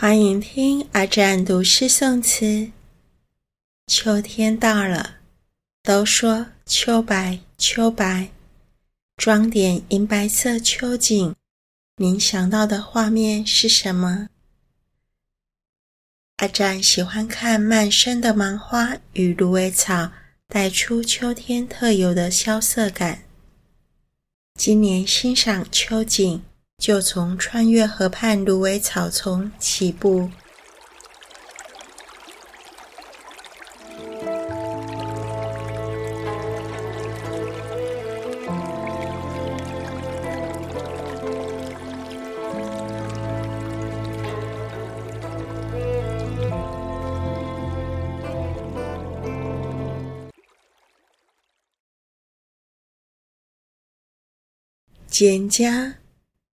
歡迎聽阿展讀詩誦詞。秋天到了，都說秋白秋白，裝點銀白色秋景。您想到的畫面是什麼？阿展喜歡看漫山的芒花與蘆葦草，帶出秋天特有的蕭瑟感。今年欣賞秋景。就從穿越河畔蘆葦草叢起步，蒹葭。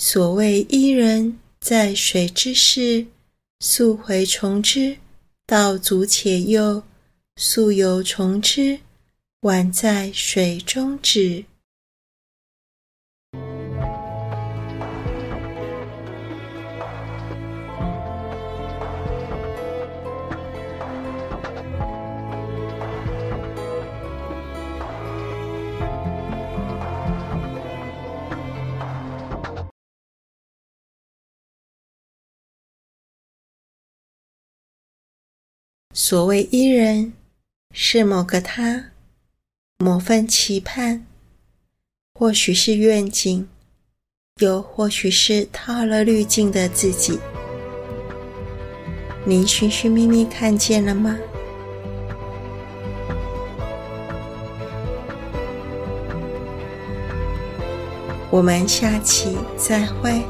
所謂伊人，在水之涘。溯洄從之，道阻且右；溯游從之，宛在水中沚。所謂伊人，是某個他，某份期盼，或許是願景，又或許是套了濾鏡的自己。您尋尋覓覓看見了嗎？我們下期再會。